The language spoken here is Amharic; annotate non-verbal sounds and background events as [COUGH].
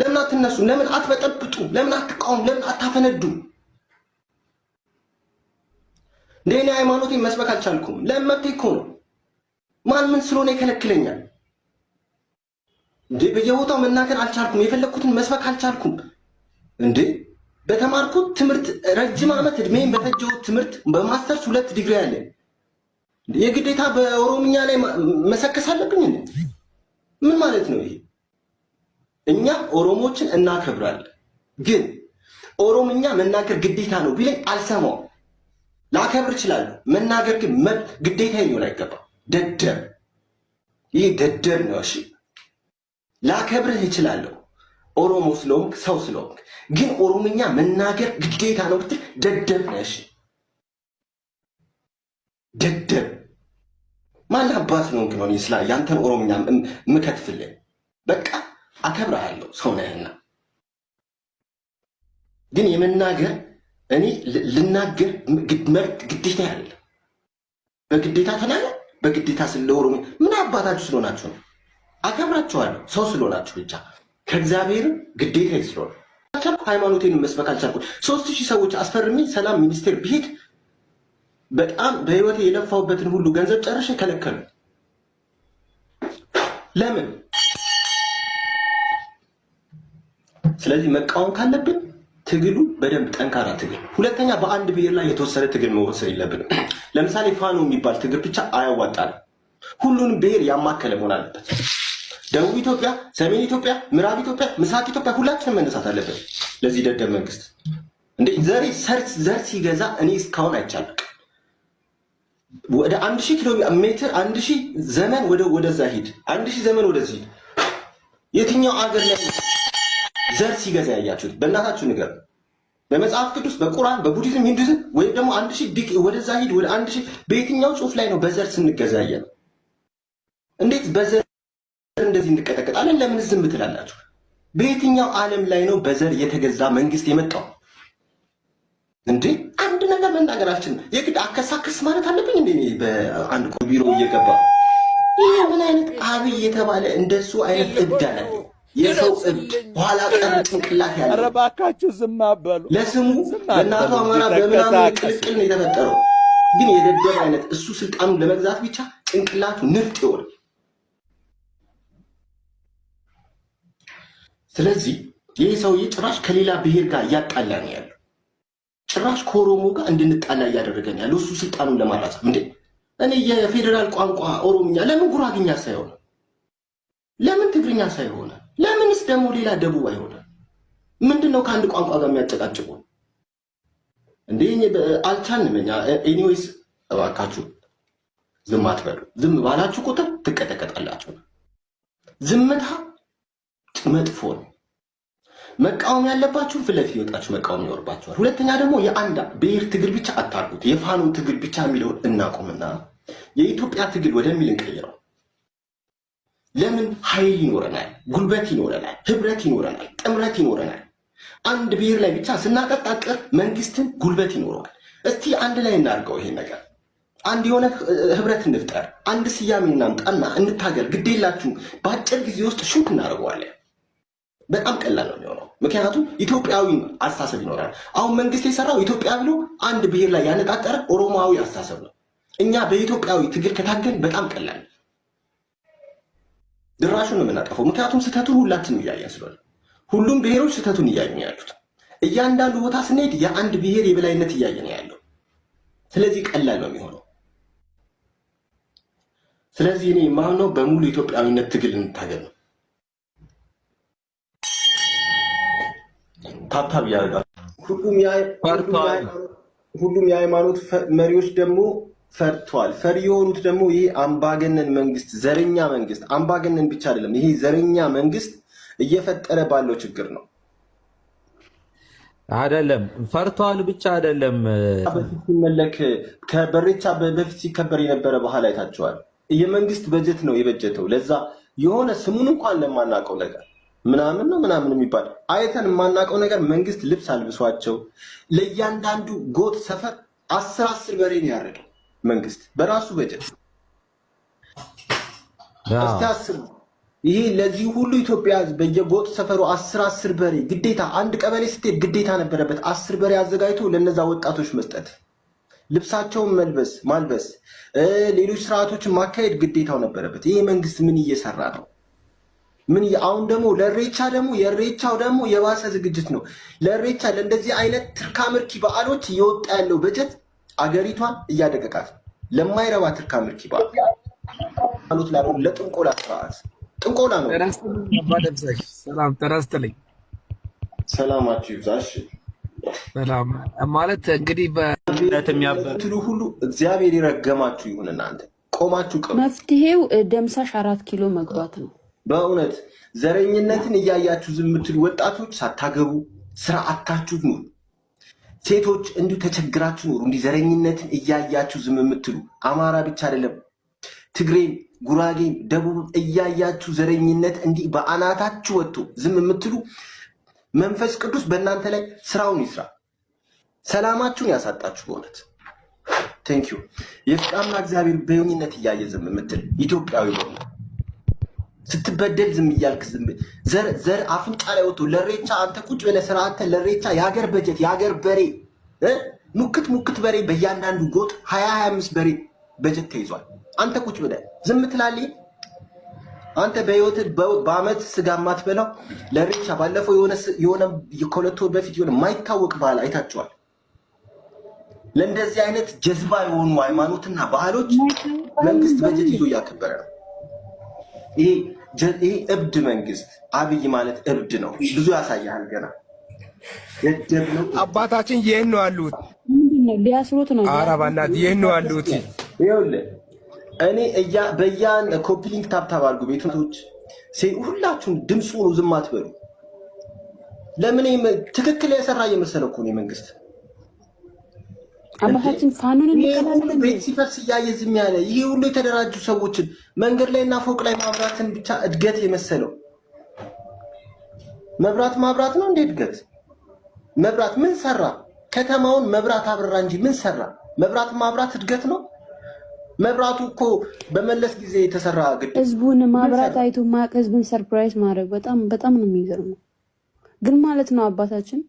ለምን አትነሱ? ለምን አትበጠብጡ? ለምን አትቃወሙ? ለምን አታፈነዱ? እኔ ሃይማኖቴ መስበክ አልቻልኩም። ለመብቴ እኮ ነው። ማን ምን ስለሆነ ይከለክለኛል? እንዴ በየቦታው መናገር አልቻልኩም። የፈለግኩትን መስበክ አልቻልኩም። እንዴ በተማርኩት ትምህርት ረጅም ዓመት እድሜን በፈጀሁት ትምህርት በማስተርስ ሁለት ዲግሪ ያለ የግዴታ በኦሮምኛ ላይ መሰከስ አለብኝ? ምን ማለት ነው ይሄ? እኛ ኦሮሞዎችን እናከብራለን፣ ግን ኦሮምኛ መናገር ግዴታ ነው ቢለኝ አልሰማውም። ላከብር እችላለሁ፣ መናገር ግን ግዴታ ሊሆን አይገባም። ደደብ፣ ይህ ደደብ ነው። እሺ ላከብርህ እችላለሁ ኦሮሞ ስለሆንክ ሰው ስለሆንክ፣ ግን ኦሮምኛ መናገር ግዴታ ነው ብትል ደደብ ነሽ። ደደብ ማን አባት ነው ግን ስላ ያንተን ኦሮምኛ ምከትፍልን በቃ አከብረሃለሁ ሰው ነህና፣ ግን የመናገር እኔ ልናገር መብት ግዴታ ያለ በግዴታ ተናገ በግዴታ ስለወሩ ምን አባታችሁ ስለሆናችሁ ነው? አከብራችኋለሁ ሰው ስለሆናችሁ ብቻ ከእግዚአብሔር ግዴታ ስለሆነ ሃይማኖቴን መስበክ አልቻልኩ። ሶስት ሺህ ሰዎች አስፈርሜ ሰላም ሚኒስቴር ብሄድ በጣም በህይወቴ የለፋሁበትን ሁሉ ገንዘብ ጨርሼ ከለከሉ። ለምን ስለዚህ መቃወም ካለብን ትግሉ በደንብ ጠንካራ ትግል፣ ሁለተኛ በአንድ ብሔር ላይ የተወሰነ ትግል መወሰድ የለብን። [CLEARS THROAT] ለምሳሌ ፋኖ የሚባል ትግል ብቻ አያዋጣል። ሁሉንም ብሔር ያማከለ መሆን አለበት። ደቡብ ኢትዮጵያ፣ ሰሜን ኢትዮጵያ፣ ምዕራብ ኢትዮጵያ፣ ምስራቅ ኢትዮጵያ ሁላችንም መነሳት አለበት። ለዚህ ደደብ መንግስት እንደ ዘሬ ዘር ሲገዛ እኔ እስካሁን አይቻልም። ወደ አንድ ሺህ ኪሎ ሜትር አንድ ሺህ ዘመን ወደዛ ሂድ፣ አንድ ሺህ ዘመን ወደዚህ ሂድ። የትኛው አገር ላይ ዘር ሲገዛ ያያችሁት በእናታችሁ ንገር በመጽሐፍ ቅዱስ በቁርአን በቡዲዝም ሂንዱዝም ወይም ደግሞ አንድ ሺህ ዲቅ ወደዛ ሂድ ወደ አንድ ሺህ በየትኛው ጽሁፍ ላይ ነው በዘር ስንገዛየ ነው? እንዴት በዘር እንደዚህ እንቀጠቀጣለን? ለምን ዝም ትላላችሁ? በየትኛው ዓለም ላይ ነው በዘር የተገዛ መንግስት የመጣው? እንዴ አንድ ነገር መናገራችን የግድ አከሳከስ ማለት አለብኝ እንዴ? በአንድ ቢሮ እየገባ ይህ ምን አይነት አብይ የተባለ እንደሱ አይነት እብድ አለ የሰው እድ በኋላ ቀን ጭንቅላት ያለ እባካችሁ ዝም አበሉ። ለስሙ በእናቱ አማራ በምናምን ቅልቅል ነው የተፈጠረው። ግን የደደብ አይነት እሱ ስልጣኑን ለመግዛት ብቻ ጭንቅላቱ ንፍጥ ይሆናል። ስለዚህ ይህ ሰውዬ ጭራሽ ከሌላ ብሔር ጋር እያጣላ ነው ጭራሽ ከኦሮሞ ጋር እንድንጣላ እያደረገን ያለው እሱ ስልጣኑን ለማራዘም እንዴ! እኔ የፌዴራል ቋንቋ ኦሮምኛ ለምን ጉራግኛ ሳይሆን ለምን ትግርኛ ሳይሆን ደግሞ ሌላ ደቡብ አይሆንም ምንድን ነው ከአንድ ቋንቋ ጋር የሚያጨቃጭቁ እንዴ? አልቻንም እኛ። ኤኒዌይስ እባካችሁ ዝም አትበሉ። ዝም ባላችሁ ቁጥር ትቀጠቀጣላችሁ። ዝምታ መጥፎ ነው። መቃወም ያለባችሁ ፊት ለፊት ወጣችሁ መቃወም ይኖርባችኋል። ሁለተኛ ደግሞ የአንድ ብሔር ትግል ብቻ አታርጉት። የፋኖ ትግል ብቻ የሚለውን እናቁምና የኢትዮጵያ ትግል ወደሚል እንቀይረው። ለምን ኃይል ይኖረናል፣ ጉልበት ይኖረናል፣ ህብረት ይኖረናል፣ ጥምረት ይኖረናል። አንድ ብሔር ላይ ብቻ ስናጠጣቅር መንግስትን ጉልበት ይኖረዋል። እስቲ አንድ ላይ እናድርገው ይሄን ነገር አንድ የሆነ ህብረት እንፍጠር፣ አንድ ስያሜ እናምጣና እንታገር። የላችሁ በአጭር ጊዜ ውስጥ ሹት እናደርገዋለን። በጣም ቀላል ነው የሚሆነው፣ ምክንያቱም ኢትዮጵያዊ አስተሳሰብ ይኖራል። አሁን መንግስት የሰራው ኢትዮጵያ ብሎ አንድ ብሔር ላይ ያነጣጠረ ኦሮማዊ አስተሳሰብ ነው። እኛ በኢትዮጵያዊ ትግል ከታገል በጣም ቀላል ድራሹን ነው የምናጠፈው። ምክንያቱም ስህተቱን ሁላችን እያየን ስለሆነ ሁሉም ብሔሮች ስህተቱን እያዩ ያሉት። እያንዳንዱ ቦታ ስንሄድ የአንድ ብሔር የበላይነት እያየ ነው ያለው። ስለዚህ ቀላል ነው የሚሆነው። ስለዚህ እኔ የማምነው በሙሉ ኢትዮጵያዊነት ትግል እንታገል ነው። ታብታብ ያደርጋል ሁሉም የሃይማኖት መሪዎች ደግሞ ፈርቷል። ፈሪ የሆኑት ደግሞ ይህ አምባገነን መንግስት፣ ዘረኛ መንግስት፣ አምባገነን ብቻ አይደለም፣ ይሄ ዘረኛ መንግስት እየፈጠረ ባለው ችግር ነው። አይደለም ፈርቷል ብቻ አይደለም። በፊት ሲመለክ ከበሬቻ በፊት ሲከበር የነበረ ባህል አይታቸዋል። የመንግስት በጀት ነው የበጀተው ለዛ የሆነ ስሙን እንኳን ለማናውቀው ነገር ምናምን ነው ምናምን የሚባል አይተን የማናውቀው ነገር መንግስት ልብስ አልብሷቸው ለእያንዳንዱ ጎጥ ሰፈር አስር አስር በሬ ነው መንግስት በራሱ በጀት እስቲ አስቡ። ይሄ ለዚህ ሁሉ ኢትዮጵያ በየጎጥ ሰፈሩ አስር አስር በሬ ግዴታ አንድ ቀበሌ ስትሄድ ግዴታ ነበረበት አስር በሬ አዘጋጅቶ ለነዛ ወጣቶች መስጠት፣ ልብሳቸውን መልበስ ማልበስ፣ ሌሎች ስርዓቶችን ማካሄድ ግዴታው ነበረበት። ይሄ መንግስት ምን እየሰራ ነው? ምን አሁን ደግሞ ለሬቻ ደግሞ የሬቻው ደግሞ የባሰ ዝግጅት ነው። ለሬቻ ለእንደዚህ አይነት ትርካምርኪ በዓሎች እየወጣ ያለው በጀት አገሪቷን እያደቀቃት ለማይረባ ትርካ ምርክ ሎት ላ ለጥንቆላ ስርዓት ጥንቆላ ነው። ሰላም ተረስትልኝ። ሰላማችሁ ይብዛሽ። ሰላም ማለት እንግዲህ በትሉ ሁሉ እግዚአብሔር ይረገማችሁ ይሁን። እናንተ ቆማችሁ ቀ መፍትሄው ደምሳሽ አራት ኪሎ መግባት ነው። በእውነት ዘረኝነትን እያያችሁ ዝም የምትሉ ወጣቶች ሳታገቡ ስራ አታችሁ ሴቶች እንዲሁ ተቸግራችሁ ኖሩ እንዲህ ዘረኝነትን እያያችሁ ዝም የምትሉ አማራ ብቻ አይደለም፣ ትግሬም፣ ጉራጌም፣ ደቡብ እያያችሁ ዘረኝነት እንዲህ በአናታችሁ ወጥቶ ዝም የምትሉ መንፈስ ቅዱስ በእናንተ ላይ ስራውን ይስራ። ሰላማችሁን ያሳጣችሁ በእውነት ቴንኪዩ። የፍቃምና እግዚአብሔር በዩኒነት እያየ ዝም የምትል ኢትዮጵያዊ በሆነ ስትበደል ዝም እያልክ ዝም ዘር አፍንጫ ላይ ወጥቶ ለሬቻ አንተ ቁጭ ብለህ ስራ አንተ ለሬቻ የሀገር በጀት የሀገር በሬ ሙክት ሙክት በሬ በእያንዳንዱ ጎጥ ሀያ ሀያ አምስት በሬ በጀት ተይዟል። አንተ ቁጭ ብለህ ዝም ትላለህ። አንተ በህይወት በአመት ስጋ ማትበላው ለሬቻ ባለፈው የሆነ ከሁለት ወር በፊት የሆነ የማይታወቅ ባህል አይታችኋል። ለእንደዚህ አይነት ጀዝባ የሆኑ ሃይማኖትና ባህሎች መንግስት በጀት ይዞ እያከበረ ነው። ይሄ እብድ መንግስት አብይ ማለት እብድ ነው። ብዙ ያሳያል። ገና አባታችን ይህን ነው ያሉት፣ ሊያስሩት ነው። ኧረ በእናትህ ይህን ነው ያሉት። ይኸውልህ እኔ እያ በያን ኮፒሊንግ ታብታብ አድርጉ ቤቶች ሁላችሁም ድምፁ ነው። ዝም አትበሉ። ለምን ትክክል የሰራ እየመሰለ እኮ ነው መንግስት አባታችን ፋኑን ቤት ሲፈርስ እያየ ዝም ያለ ይሄ ሁሉ የተደራጁ ሰዎችን መንገድ ላይ እና ፎቅ ላይ ማብራትን ብቻ እድገት የመሰለው መብራት ማብራት ነው እንዴ? እድገት መብራት ምን ሰራ? ከተማውን መብራት አብራ እንጂ ምን ሰራ? መብራት ማብራት እድገት ነው? መብራቱ እኮ በመለስ ጊዜ የተሰራ ግድ ህዝቡን ማብራት አይቶ ማቅ ህዝብን ሰርፕራይዝ ማድረግ በጣም በጣም ነው የሚገርመው። ግን ማለት ነው አባታችን